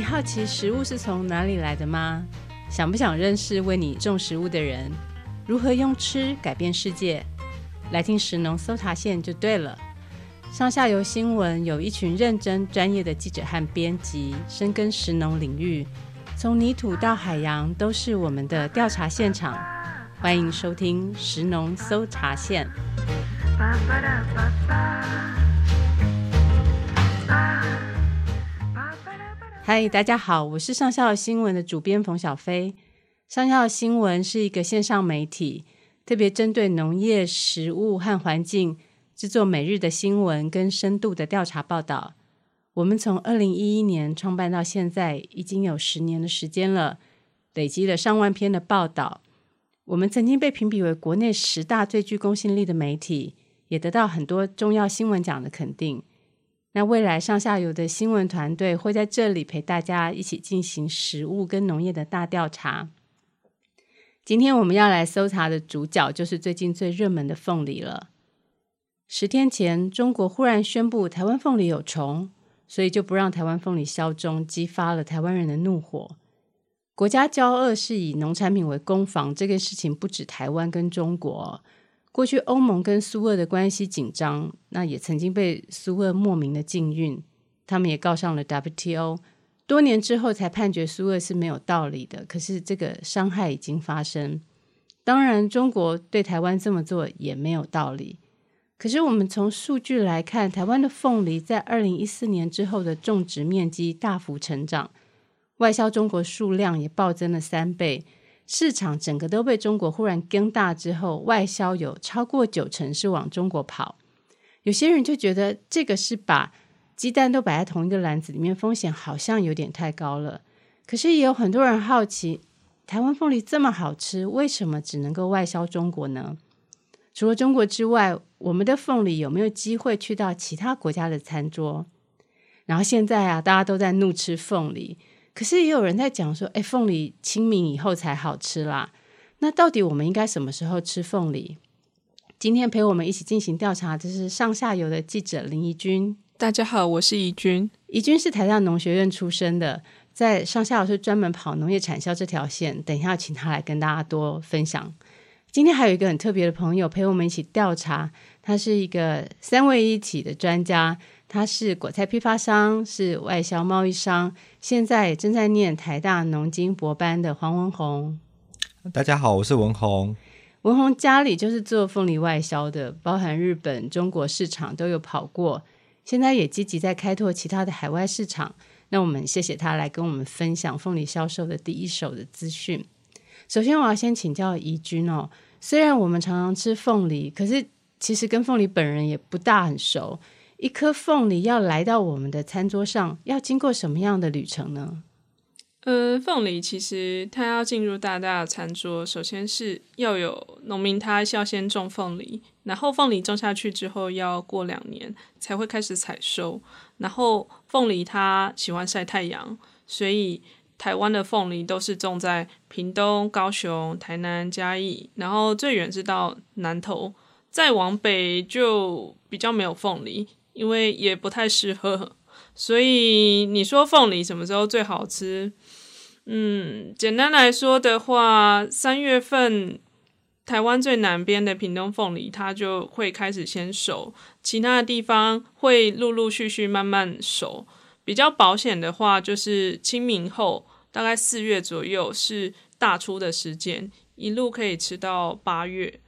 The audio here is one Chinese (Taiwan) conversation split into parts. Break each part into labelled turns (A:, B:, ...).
A: 你好奇食物是從哪裡來的嗎？想不想認識為你種食物的人？如何用吃改變世界？來聽食農搜查線就對了。上下游新聞有一群認真專業的記者和編輯，深耕食農領域，從泥土到海洋都是我們的調查現場。歡迎收聽食農搜查線。
B: 爸爸爸爸
A: 嗨，Hi, 大家好，我是上下游新聞的主編馮小非。上下游新聞是一個線上媒體，特別針對農業、食物和環境制作每日的新聞跟深度的調查報道。我們從二零一一年創辦到現在，已經有十年的時間了，累積了上萬篇的報道。我們曾經被評比為國內十大最具公信力的媒體，也得到很多重要新聞獎的肯定。那未來上下游的新聞團隊會在這裡陪大家一起進行食物跟農業的大調查。今天我們要來搜查的主角就是最近最熱門的鳳梨了。十天前，中國忽然宣布台灣鳳梨有蟲，所以就不讓台灣鳳梨銷中，激發了台灣人的怒火。國家交惡，是以農產品為攻防，這個事情不止台灣跟中國。過去歐盟跟蘇俄的關係緊張，那也曾經被蘇俄莫名的禁運，他們也告上了 WTO，多年之後才判決蘇俄是沒有道理的。可是這個傷害已經發生，當然中國對台灣這麼做也沒有道理。可是我們從數據來看，台灣的鳳梨在二零一四年之後的種植面積大幅成長，外銷中國數量也暴增了三倍。市場整個都被中國忽然更大之後，外銷有超過九成是往中國跑。有些人就覺得這個是把雞蛋都擺在同一個籃子裡面，風險好像有點太高了。可是也有很多人好奇，台灣鳳梨這麼好吃，為什麼只能夠外銷中國呢？除了中國之外，我們的鳳梨有沒有機會去到其他國家的餐桌？然後現在啊，大家都在怒吃鳳梨。可是也有人在講說，哎，鳳梨清明以後才好吃啦。那到底我們應該什麼時候吃鳳梨？今天陪我們一起進行調查的就是上下游的記者林怡均。大家好，我是怡均。怡均是台大農學院出身的，在上下游是專門跑農業產銷這條線。等一下請他來跟大家多分享。今天還有一個很特別的朋友陪我們一起調查。他是一個三位一體的專家，他是果菜批發商，是外銷貿易商，現在正在念台大農經博班的黃文弘。
C: 大家好，我是文弘。
A: 文弘家裡就是做鳳梨外銷的，包含日本、中國市場都有跑過，現在也積極在開拓其他的海外市場。那我們謝謝他來跟我們分享鳳梨銷售的第一手的資訊。首先，我要先請教怡均哦，雖然我們常常吃鳳梨，可是其實跟鳳梨本人也不大很熟。一顆鳳梨要來到我們的餐桌上，要經過什麼樣的旅程呢？
B: 呃，鳳梨其實它要進入大大的餐桌，首先是要有農民他要先種鳳梨，然後鳳梨種下去之後要過兩年才會開始採收。然後鳳梨它喜歡曬太陽，所以台灣的鳳梨都是種在屏東、高雄、台南、嘉義，然後最遠是到南投。再往北就比較沒有鳳梨，因為也不太適合。所以你說鳳梨什麼時候最好吃？嗯，簡單來說的話，三月份台灣最南邊的屏東鳳梨它就會開始先熟，其他的地方會陸陸續續慢慢熟。比較保險的話，就是清明後，大概四月左右是大出的時間，一路可以吃到八月，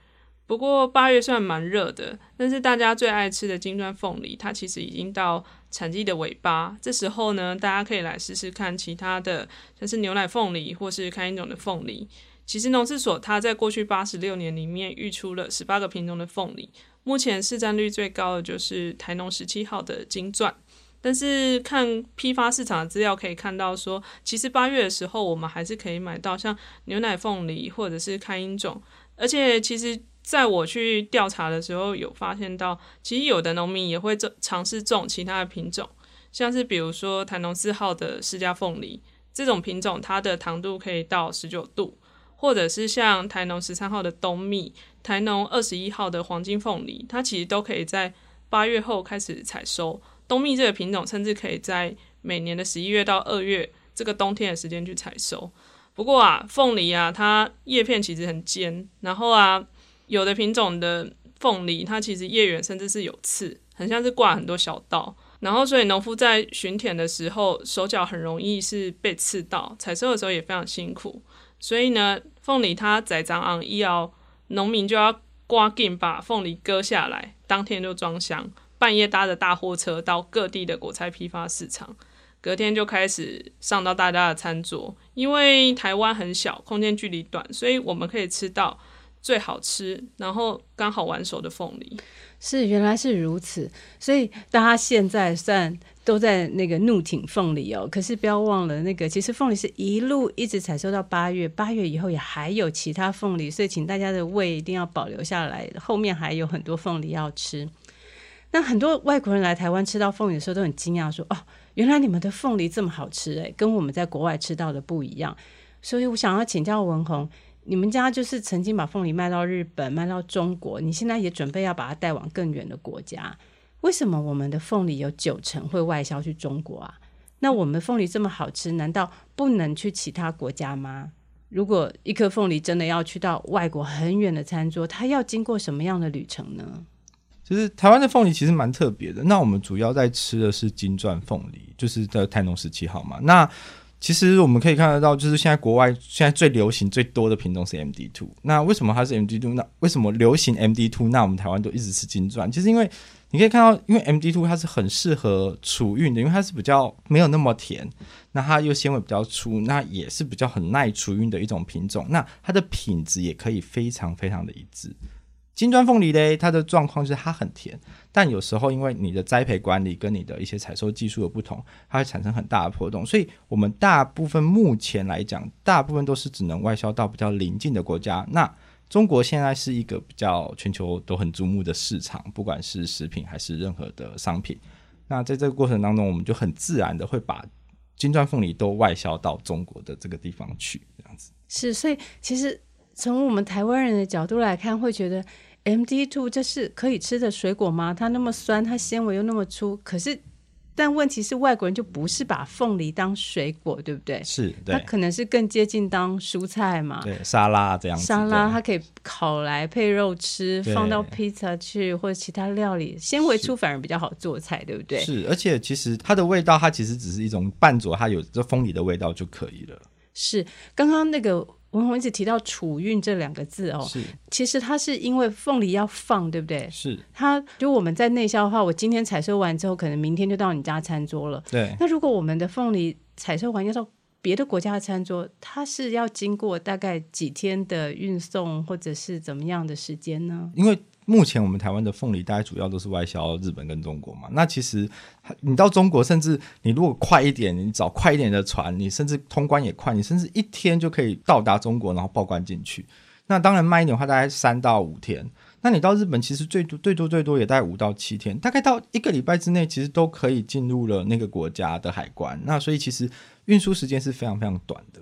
B: 不過八月算蠻熱的，但是大家最愛吃的金鑽鳳梨，它其實已經到產季的尾巴。這時候呢，大家可以來試試看其他的，像是牛奶鳳梨或是開英種的鳳梨。其實農試所它在過去八十六年裡面育出了十八個品種的鳳梨，目前市占率最高的就是台農十七號的金鑽。但是看批發市場的資料可以看到說，說其實八月的時候我們還是可以買到像牛奶鳳梨或者是開英種，而且其實。在我去調查的時候，有發現到，其實有的農民也會種嘗試種其他的品種，像是比如說台農四號的釋迦鳳梨這種品種，它的糖度可以到十九度，或者是像台農十三號的冬蜜、台農二十一號的黃金鳳梨，它其實都可以在八月後開始採收。冬蜜這個品種甚至可以在每年的十一月到二月這個冬天的時間去採收。不過啊，鳳梨啊，它葉片其實很尖，然後啊。有的品種的鳳梨，它其實葉緣甚至是有刺，很像是掛很多小刀。然後，所以農夫在巡田的時候，手腳很容易是被刺到；採收的時候也非常辛苦。所以呢，鳳梨它採摘完一要農民就要刮莖，把鳳梨割下來，當天就裝箱，半夜搭着大貨車到各地的果菜批發市場，隔天就開始上到大家的餐桌。因為台灣很小，空間距離短，所以我們可以吃到。最好吃，然後剛好完熟的鳳梨
A: 是，原來是如此，所以大家現在算都在那個怒挺鳳梨哦、喔，可是不要忘了那個，其實鳳梨是一路一直採收到八月，八月以後也還有其他鳳梨，所以請大家的胃一定要保留下來，後面還有很多鳳梨要吃。那很多外國人來台灣吃到鳳梨的時候都很驚訝，說：“哦，原來你們的鳳梨這麼好吃誒、欸’，跟我們在國外吃到的不一樣。”所以我想要請教文弘。你們家就是曾經把鳳梨賣到日本，賣到中國，你現在也準備要把它帶往更遠的國家？為什麼我們的鳳梨有九成會外銷去中國啊？那我們鳳梨這麼好吃，難道不能去其他國家嗎？如果一顆鳳梨真的要去到外國很遠的餐桌，它要經過什麼樣的旅程呢？
C: 就是台灣的鳳梨其實蠻特別的，那我們主要在吃的是金鑽鳳梨，就是在台農十七號嘛。那其實我們可以看得到，就是現在國外現在最流行最多的品種是 MD2。那為什麼它是 MD2？那為什麼流行 MD2？那我們台灣都一直是金鑽，就是因為你可以看到，因為 MD2 它是很適合儲運的，因為它是比較沒有那麼甜，那它又纖維比較粗，那也是比較很耐儲運的一種品種。那它的品質也可以非常非常的一致。金鑽鳳梨嘞，它的狀況就是它很甜，但有時候因為你的栽培管理跟你的一些採收技術的不同，它會產生很大的波動。所以我們大部分目前來講，大部分都是只能外銷到比較鄰近的國家。那中國現在是一個比較全球都很矚目的市場，不管是食品還是任何的商品。那在這個過程當中，我們就很自然的會把金鑽鳳梨都外銷到中國的這個地方去。這樣子
A: 是，所以其實。從我們台灣人的角度來看，會覺得 MD2 這是可以吃的水果嗎？它那麼酸，它纖維又那麼粗。可是，但問題是，外國人就不是把鳳梨當水果，對不對？是，對，它可能是更接近當蔬菜嘛？對，
C: 沙拉這樣。沙拉
A: 它可以烤來配肉吃，對放到披薩去或者其他料理，纖維粗反而比較好做菜，是對不對？是，
C: 而且其實它的味道，它其實只是一種伴佐，它有這鳳梨的味道就可以了。
A: 是，剛剛那個。文弘一直提到“儲運”這兩個字哦，是其實它是因為鳳梨要放，對不對？是它就我們在內銷的話，我今天採收完之後，可能明天就到你家餐桌了。對，那如果我們的鳳梨採收完，要到別的國家的餐桌，它是要經過大概幾天的運送，或者是怎麼樣的時間呢？
C: 因為目前我們台灣的鳳梨，大概主要都是外銷日本跟中國嘛。那其實你到中國，甚至你如果快一點，你找快一點的船，你甚至通關也快，你甚至一天就可以到達中國，然後報關進去。那當然慢一點的話，大概三到五天。那你到日本，其實最多最多最多也大概五到七天，大概到一個禮拜之內，其實都可以進入了那個國家的海關。那所以其實運輸時間是非常非常短的。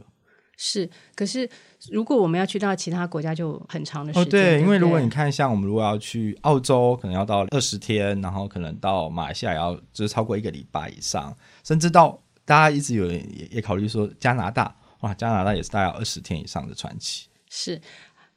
A: 是，可是如果我們要去到其他國家，就很長的時間。哦、對，對對，因為如果你
C: 看像我們如果要去澳洲，可能要到二十天，然後可能到馬來西亞也要就是超過一個禮拜以上，甚至到大家一直有也也考慮說加拿大，哇！加拿大也是大概二十天以上的船期。
A: 是，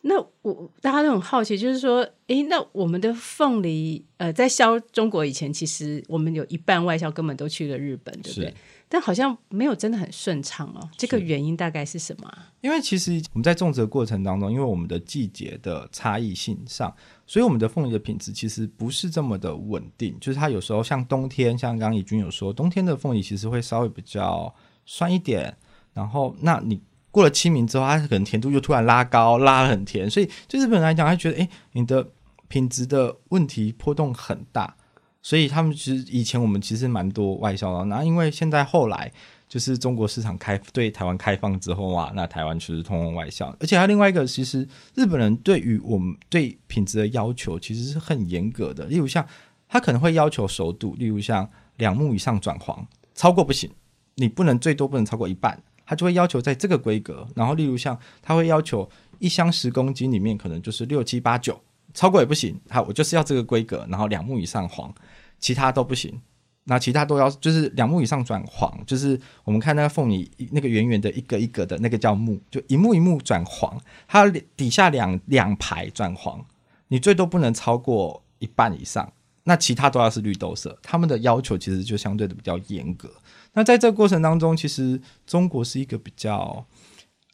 A: 那我大家都很好奇，就是說，哎，那我們的鳳梨呃，在銷中國以前，其實我們有一半外銷根本都去了日本，對不對？但好像沒有真的很順暢哦，這個原因大概是什麼啊？是，
C: 因為其實我們在種植的過程當中，因為我們的季節的差異性上，所以我們的鳳梨的品質其實不是這麼的穩定。就是它有時候像冬天，像剛剛怡均有說，冬天的鳳梨其實會稍微比較酸一點。然後那你過了清明之後，它可能甜度就突然拉高，拉得很甜。所以就日本來講，他覺得哎、欸，你的品質的問題波動很大。所以他們其實以前我們其實蠻多外銷的，那因為現在後來就是中國市場開對台灣開放之後啊，那台灣其實通通外銷。而且還有另外一個，其實日本人對於我們對品質的要求其實是很嚴格的。例如像他可能會要求熟度，例如像兩目以上轉黃，超過不行，你不能最多不能超過一半，他就會要求在這個規格。然後例如像他會要求一箱十公斤裡面可能就是六七八九。超過也不行，好，我就是要這個規格，然後兩目以上黃，其他都不行。那其他都要就是兩目以上轉黃，就是我們看那個鳳梨，那個圓圓的一個一個的那個叫木，就一目一目轉黃，它底下兩兩排轉黃，你最多不能超過一半以上，那其他都要是綠豆色。他們的要求其實就相對的比較嚴格。那在這個過程當中，其實中國是一個比較，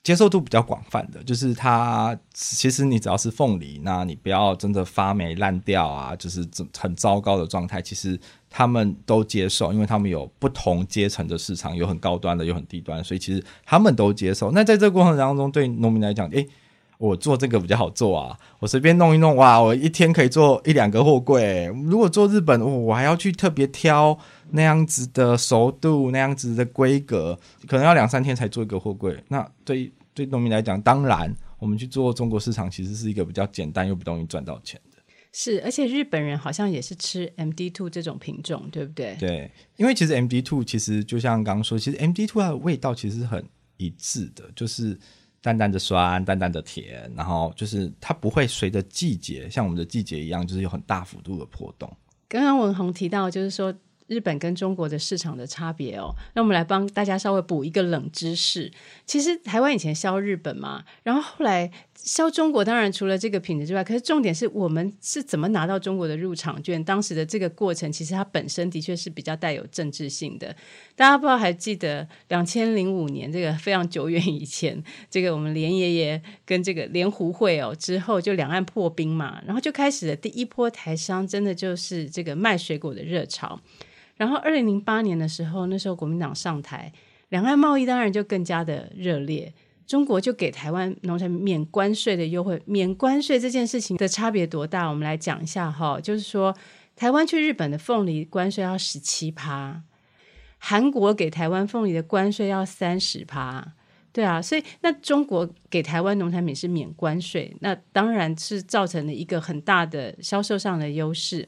C: 接受度比較廣泛的，就是它其實你只要是鳳梨，那你不要真的發霉爛掉啊，就是很糟糕的狀態，其實他們都接受，因為他們有不同階層的市場，有很高端的，有很低端的，所以其實他們都接受。那在這個過程當中，對農民來講，誒、欸。我做這個比較好做啊，我隨便弄一弄、啊，哇，我一天可以做一兩個貨櫃。如果做日本，我、哦、我還要去特別挑那樣子的熟度、那樣子的規格，可能要兩三天才做一個貨櫃。那對對農民來講，當然，我們去做中國市場其實是一個比較簡單又不容易賺到錢的。
A: 是，而且日本人好像也是吃 MD2 這種品種，對不對？
C: 對，因為其實 MD2 其實就像剛剛說，其實 MD2 它的味道其實很一致的，就是。淡淡的酸，淡淡的甜，然後就是它不會隨着季節像我們的季節一樣，就是有很大幅度的波動。
A: 剛剛文弘提到，就是說日本跟中國的市場的差別哦，那我們來幫大家稍微補一個冷知識。其實台灣以前銷日本嘛，然後後來。銷中國當然除了這個品質之外，可是重點是我們是怎麼拿到中國的入場券？當時的這個過程，其實它本身的確是比較帶有政治性的。大家不知道，還記得兩千零五年這個非常久遠以前，這個我們連爺爺跟這個連胡會哦，之後就兩岸破冰嘛，然後就開始了第一波台商真的就是這個賣水果的熱潮。然後二零零八年的時候，那時候國民黨上台，兩岸貿易當然就更加的熱烈。中國就給台灣農產品免關稅的優惠，免關稅這件事情的差別多大？我們來講一下哈、哦，就是說台灣去日本的鳳梨關稅要十七趴，韓國給台灣鳳梨的關稅要三十趴，對啊，所以那中國給台灣農產品是免關稅，那當然是造成了一個很大的銷售上的優勢。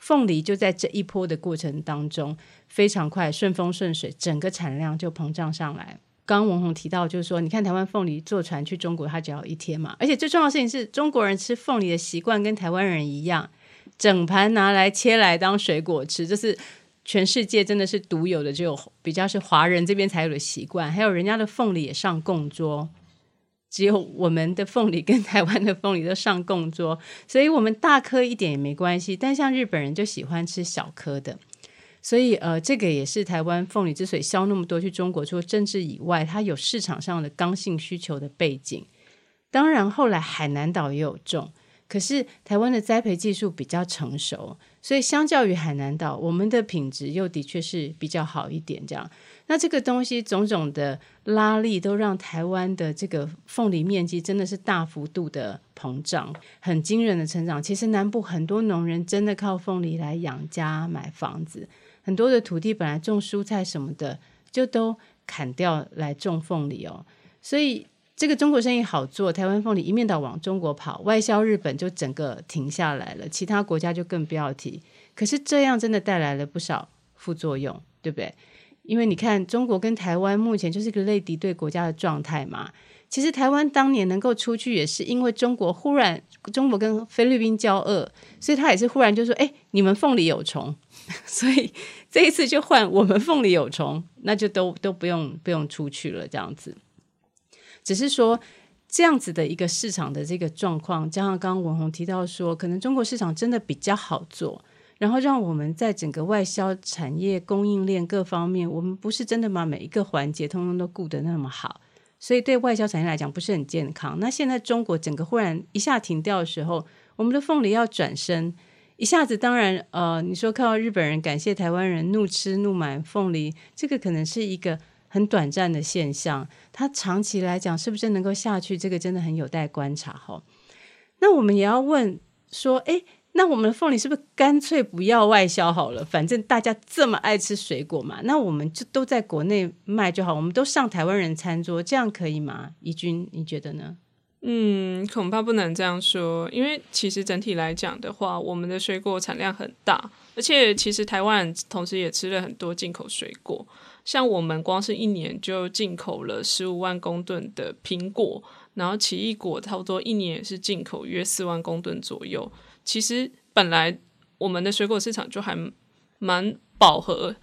A: 鳳梨就在這一波的過程當中非常快順風順水，整個產量就膨脹上來。剛文弘提到，就是說，你看台灣鳳梨坐船去中國，它只要一天嘛。而且最重要的事情是，中國人吃鳳梨的習慣跟台灣人一樣，整盤拿來切來當水果吃，這是全世界真的是獨有的，只有比較是華人這邊才有的習慣。還有人家的鳳梨也上供桌，只有我們的鳳梨跟台灣的鳳梨都上供桌，所以我們大顆一點也沒關係。但像日本人就喜歡吃小顆的。所以，呃，這個也是台灣鳳梨之所以銷那麼多去中國，除了政治以外，它有市場上的剛性需求的背景。當然，後來海南島也有種，可是台灣的栽培技術比較成熟，所以相較於海南島，我們的品質又的確是比較好一點。這樣，那這個東西種種的拉力都讓台灣的這個鳳梨面積真的是大幅度的膨脹，很驚人的成長。其實南部很多農人真的靠鳳梨來養家買房子。很多的土地本來種蔬菜什麼的，就都砍掉來種鳳梨哦。所以這個中國生意好做，台灣鳳梨一面倒往中國跑，外銷日本就整個停下來了，其他國家就更不要提。可是這樣真的帶來了不少副作用，對不對？因為你看，中國跟台灣目前就是一個類敵對國家的狀態嘛。其實台灣當年能夠出去，也是因為中國忽然中國跟菲律賓交惡，所以他也是忽然就說：“誒，你們鳳梨有蟲。” 所以這一次就換我們鳳梨有蟲，那就都都不用不用出去了。這樣子，只是說這樣子的一個市場的這個狀況，加上剛剛文弘提到說，可能中國市場真的比較好做，然後讓我們在整個外銷產業供應鏈各方面，我們不是真的把每一個環節通通都顧得那麼好，所以對外銷產業來講不是很健康。那現在中國整個忽然一下停掉的時候，我們的鳳梨要轉身。一下子，當然，呃，你說看到日本人感謝台灣人怒吃怒買鳳梨，這個可能是一個很短暫的現象。它長期來講，是不是能夠下去？這個真的很有待觀察。哈，那我們也要問說，哎，那我們的鳳梨是不是乾脆不要外銷好了？反正大家這麼愛吃水果嘛，那我們就都在國內賣就好，我們都上台灣人餐桌，這樣可以嗎？怡均，你覺得呢？
B: 嗯，恐怕不能這樣說，因為其實整體來講的話，我們的水果產量很大，而且其實台灣同時也吃了很多進口水果，像我們光是一年就進口了十五萬公噸的蘋果，然後奇異果差不多一年也是進口約四萬公噸左右。其實本來我們的水果市場就還蠻飽和，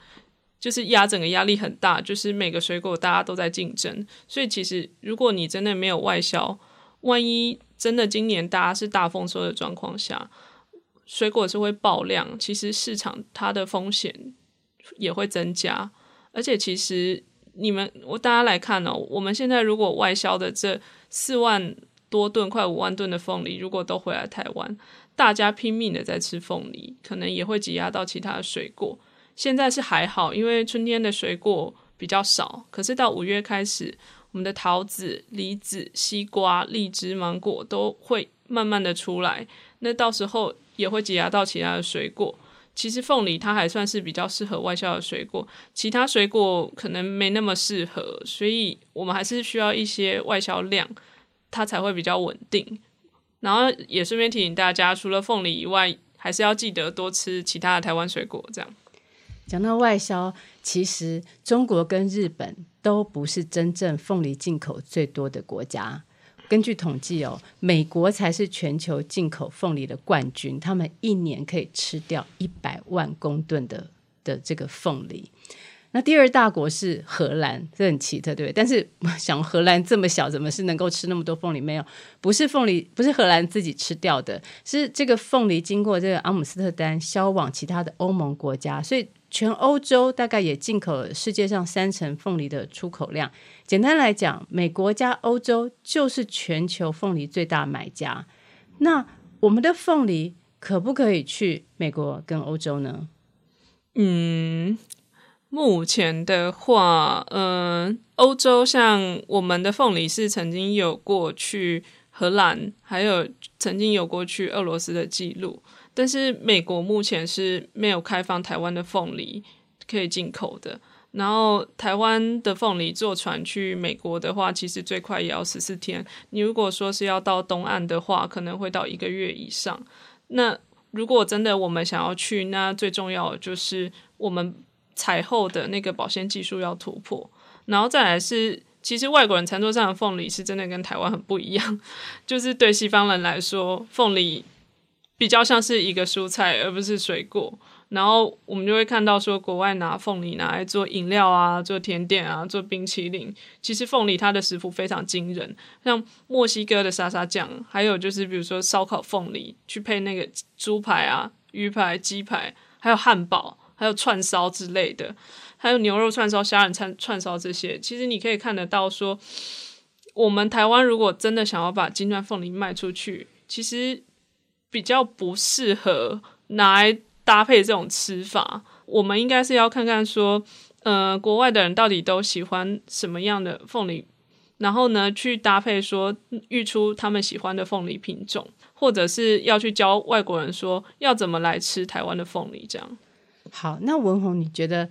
B: 就是壓整個壓力很大，就是每個水果大家都在競爭，所以其實如果你真的沒有外銷。萬一真的今年大家是大豐收的狀況下，水果是會爆量，其實市場它的風險也會增加。而且其實你們我大家來看哦，我們現在如果外銷的這四萬多噸、快五萬噸的鳳梨，如果都回來台灣，大家拼命的在吃鳳梨，可能也會擠壓到其他的水果。現在是還好，因為春天的水果比較少，可是到五月開始。我們的桃子、梨子、西瓜、荔枝、芒果都會慢慢的出來，那到時候也會擠壓到其他的水果。其實鳳梨它還算是比較適合外銷的水果，其他水果可能沒那麼適合，所以我們還是需要一些外銷量，它才會比較穩定。然後也順便提醒大家，除了鳳梨以外，還是要記得多吃其他的台灣水果。這樣。
A: 講到外銷。其實中國跟日本都不是真正鳳梨進口最多的國家。根據統計哦，美國才是全球進口鳳梨的冠軍，他們一年可以吃掉一百萬公噸的的這個鳳梨。那第二大國是荷蘭，這很奇特，對不對？但是我想荷蘭這麼小，怎麼是能夠吃那麼多鳳梨？沒有，不是鳳梨，不是荷蘭自己吃掉的，是這個鳳梨經過這個阿姆斯特丹銷往其他的歐盟國家，所以。全歐洲大概也進口了世界上三成鳳梨的出口量。簡單來講，美國加歐洲就是全球鳳梨最大買家。那我們的鳳梨可不可以去美國跟歐洲呢？嗯，
B: 目前的話，嗯、呃，歐洲像我們的鳳梨是曾經有過去荷蘭，還有曾經有過去俄羅斯的記錄。但是美國目前是沒有開放台灣的鳳梨可以進口的。然後台灣的鳳梨坐船去美國的話，其實最快也要十四天。你如果說是要到東岸的話，可能會到一個月以上。那如果真的我們想要去，那最重要的就是我們採後的那個保鮮技術要突破。然後再來是，其實外國人餐桌上的鳳梨是真的跟台灣很不一樣，就是對西方人來說，鳳梨。比較像是一個蔬菜，而不是水果。然後我們就會看到說，國外拿鳳梨拿來做飲料啊，做甜點啊，做冰淇淋。其實鳳梨它的食譜非常驚人，像墨西哥的沙沙醬，還有就是比如說燒烤鳳梨，去配那個豬排啊、魚排、雞排，還有漢堡，還有串燒之類的，還有牛肉串燒、蝦仁串串燒這些。其實你可以看得到說，我們台灣如果真的想要把金鑽鳳梨賣出去，其實。比較不適合拿來搭配這種吃法。我們應該是要看看說，呃，國外的人到底都喜歡什麼樣的鳳梨，然後呢，去搭配說育出他們喜歡的鳳梨品種，或者是要去教外國人說要怎麼來吃台灣的鳳梨這樣。
A: 好，那文弘，你覺得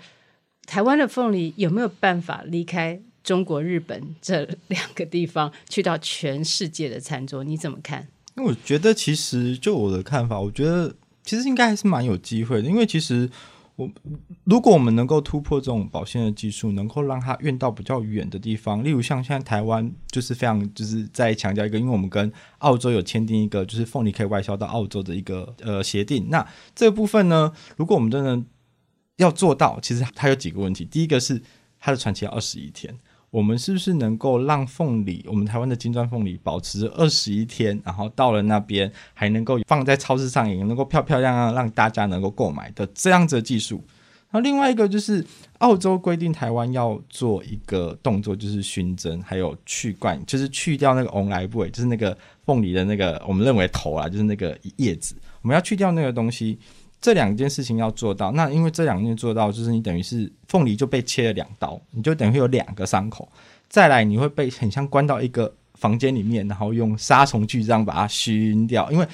A: 台灣的鳳梨有沒有辦法離開中國、日本這兩個地方，去到全世界的餐桌？你怎麼看？
C: 因為我覺得，其實就我的看法，我覺得其實應該還是蠻有機會的。因為其實我，如果我們能夠突破這種保鮮的技術，能夠讓它運到比較遠的地方，例如像現在台灣就是非常，就是在強調一個，因為我們跟澳洲有簽訂一個，就是鳳梨可以外銷到澳洲的一個呃協定。那這部分呢，如果我們真的要做到，其實它有幾個問題。第一個是它的船期要二十一天。我們是不是能夠讓鳳梨，我們台灣的金鑽鳳梨保持二十一天，然後到了那邊還能夠放在超市上，也能夠漂漂亮亮，讓大家能夠購買的這樣子的技術？然後另外一個就是澳洲規定台灣要做一個動作，就是燻蒸，還有去冠，就是去掉那個 online boy，就是那個鳳梨的那個我們認為頭啊，就是那個葉子，我們要去掉那個東西。這兩件事情要做到，那因為這兩件做到，就是你等於是鳳梨就被切了兩刀，你就等於會有兩個傷口。再來，你會被很像關到一個房間裡面，然後用殺蟲劑這樣把它熏掉，因為。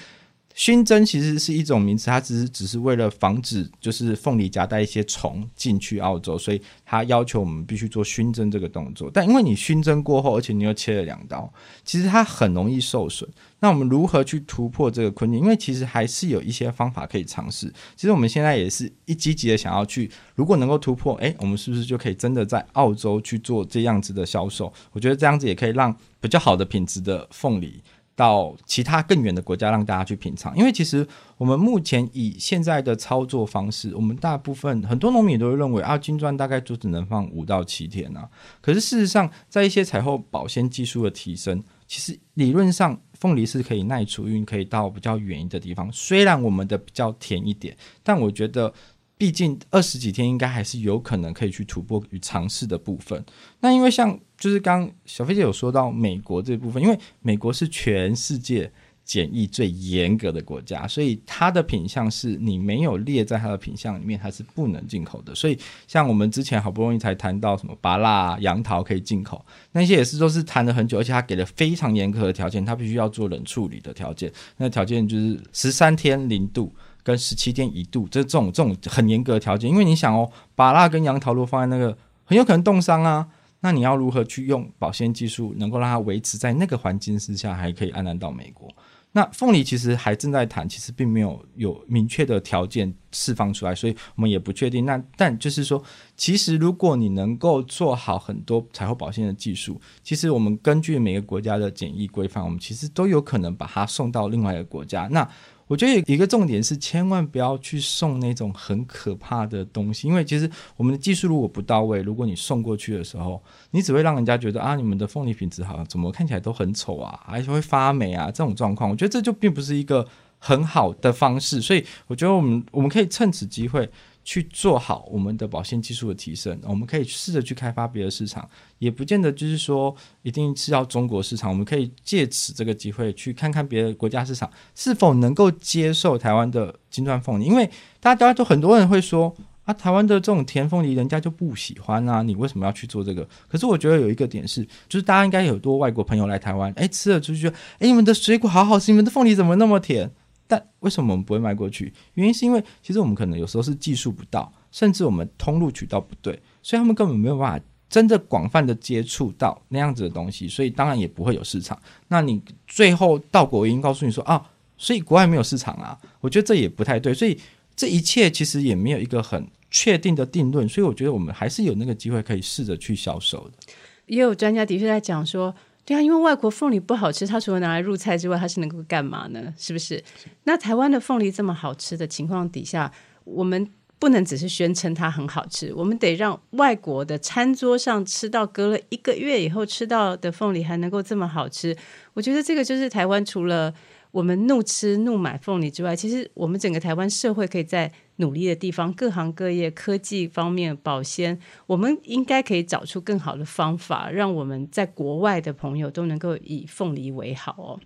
C: 熏蒸其實是一種名詞，它只是只是為了防止，就是鳳梨夾帶一些蟲進去澳洲，所以它要求我們必須做熏蒸這個動作。但因為你熏蒸過後，而且你又切了兩刀，其實它很容易受損。那我們如何去突破這個困境？因為其實還是有一些方法可以嘗試。其實我們現在也是一積極的想要去，如果能夠突破，哎，我們是不是就可以真的在澳洲去做這樣子的銷售？我覺得這樣子也可以讓比較好的品質的鳳梨。到其他更遠的國家，讓大家去品嘗，因為其實我們目前以現在的操作方式，我們大部分很多農民都會認為啊，金鑽大概就只能放五到七天啊。可是事實上，在一些採後保鮮技術的提升，其實理論上鳳梨是可以耐儲運，可以到比較遠的地方。雖然我們的比較甜一點，但我覺得。畢竟二十幾天應該還是有可能可以去突破與嘗試的部分。那因為像就是剛小非姐有說到美國這部分，因為美國是全世界檢疫最嚴格的國家，所以它的品項是你沒有列在它的品項裡面，它是不能進口的。所以像我們之前好不容易才談到什麼芭樂、楊桃可以進口，那些也是都是談了很久，而且他給了非常嚴格的條件，他必須要做冷處理的條件。那條件就是十三天零度。跟十七點一度，這種這種很嚴格的條件，因為你想哦，芭樂跟楊桃都放在那個，很有可能凍傷啊。那你要如何去用保鮮技術，能夠讓它維持在那個環境之下，還可以安然到美國？那鳳梨其實還正在談，其實並沒有有明確的條件釋放出來，所以我們也不確定。那但就是說，其實如果你能夠做好很多採後保鮮的技術，其實我們根據每個國家的檢疫規範，我們其實都有可能把它送到另外一個國家。那。我覺得有一個重點是，千萬不要去送那種很可怕的東西，因為其實我們的技術如果不到位，如果你送過去的時候，你只會讓人家覺得啊，你們的鳳梨品質好像怎麼看起來都很醜啊，而且會發霉啊，這種狀況，我覺得這就並不是一個很好的方式，所以我覺得我們我們可以趁此機會。去做好我們的保鮮技術的提升，我們可以試着去開發別的市場，也不見得就是說一定是要中國市場。我們可以借此這個機會去看看別的國家市場是否能夠接受台灣的金鑽鳳梨，因為大家都很多人會說啊，台灣的這種甜鳳梨人家就不喜歡啊，你為什麼要去做這個？可是我覺得有一個點是，就是大家應該有多外國朋友來台灣，哎、欸，吃了就是說哎，你們的水果好好吃，你們的鳳梨怎麼那麼甜？但為什麼我們不會賣過去？原因是因為其實我們可能有時候是技術不到，甚至我們通路渠道不對，所以他們根本沒有辦法真的廣泛的接觸到那樣子的東西，所以當然也不會有市場。那你最後到國營告訴你說啊，所以國外沒有市場啊，我覺得這也不太對。所以這一切其實也沒有一個很確定的定論。所以我覺得我們還是有那個機會可以試着去銷售的。
A: 也有專家的確在講說。對啊，因為外國鳳梨不好吃，它除了拿來入菜之外，它是能夠幹嘛呢？是不是？是那台灣的鳳梨這麼好吃的情況底下，我們不能只是宣稱它很好吃，我們得讓外國的餐桌上吃到，隔了一個月以後吃到的鳳梨還能夠這麼好吃。我覺得這個就是台灣除了。我們怒吃怒買鳳梨之外，其實我們整個台灣社會可以在努力的地方，各行各業、科技方面保鮮，我們應該可以找出更好的方法，讓我們在國外的朋友都能夠以鳳梨為豪哦。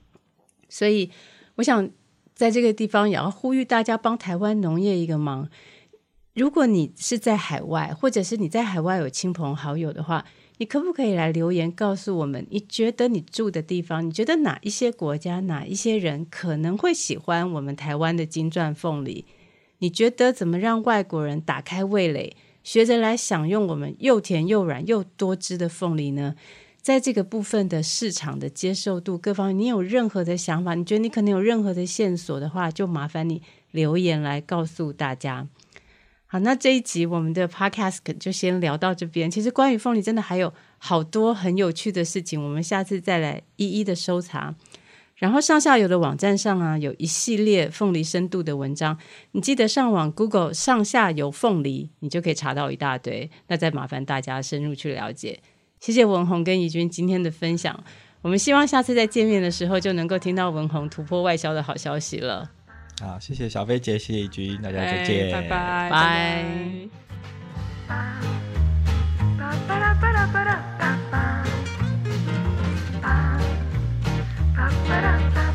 A: 所以，我想在這個地方也要呼籲大家幫台灣農業一個忙。如果你是在海外，或者是你在海外有親朋好友的話，你可不可以來留言告訴我們，你覺得你住的地方，你覺得哪一些國家、哪一些人可能會喜歡我們台灣的金鑽鳳梨？你覺得怎麼讓外國人打開味蕾，學着來享用我們又甜又軟又多汁的鳳梨呢？在這個部分的市場的接受度，各方面你有任何的想法？你覺得你可能有任何的線索的話，就麻煩你留言來告訴大家。好，那這一集我們的 podcast 就先聊到這邊。其實關於鳳梨，真的還有好多很有趣的事情，我們下次再來一一的收藏。然後上下游的網站上啊，有一系列鳳梨深度的文章，你記得上網 Google 上下游鳳梨，你就可以查到一大堆。那再麻煩大家深入去了解。謝謝文弘跟怡均今天的分享，我們希望下次再見面的時候，就能夠聽到文弘突破外銷的好消息了。
C: 好、啊，謝謝小非姐，謝謝怡均，大家再見，拜拜。
B: Bye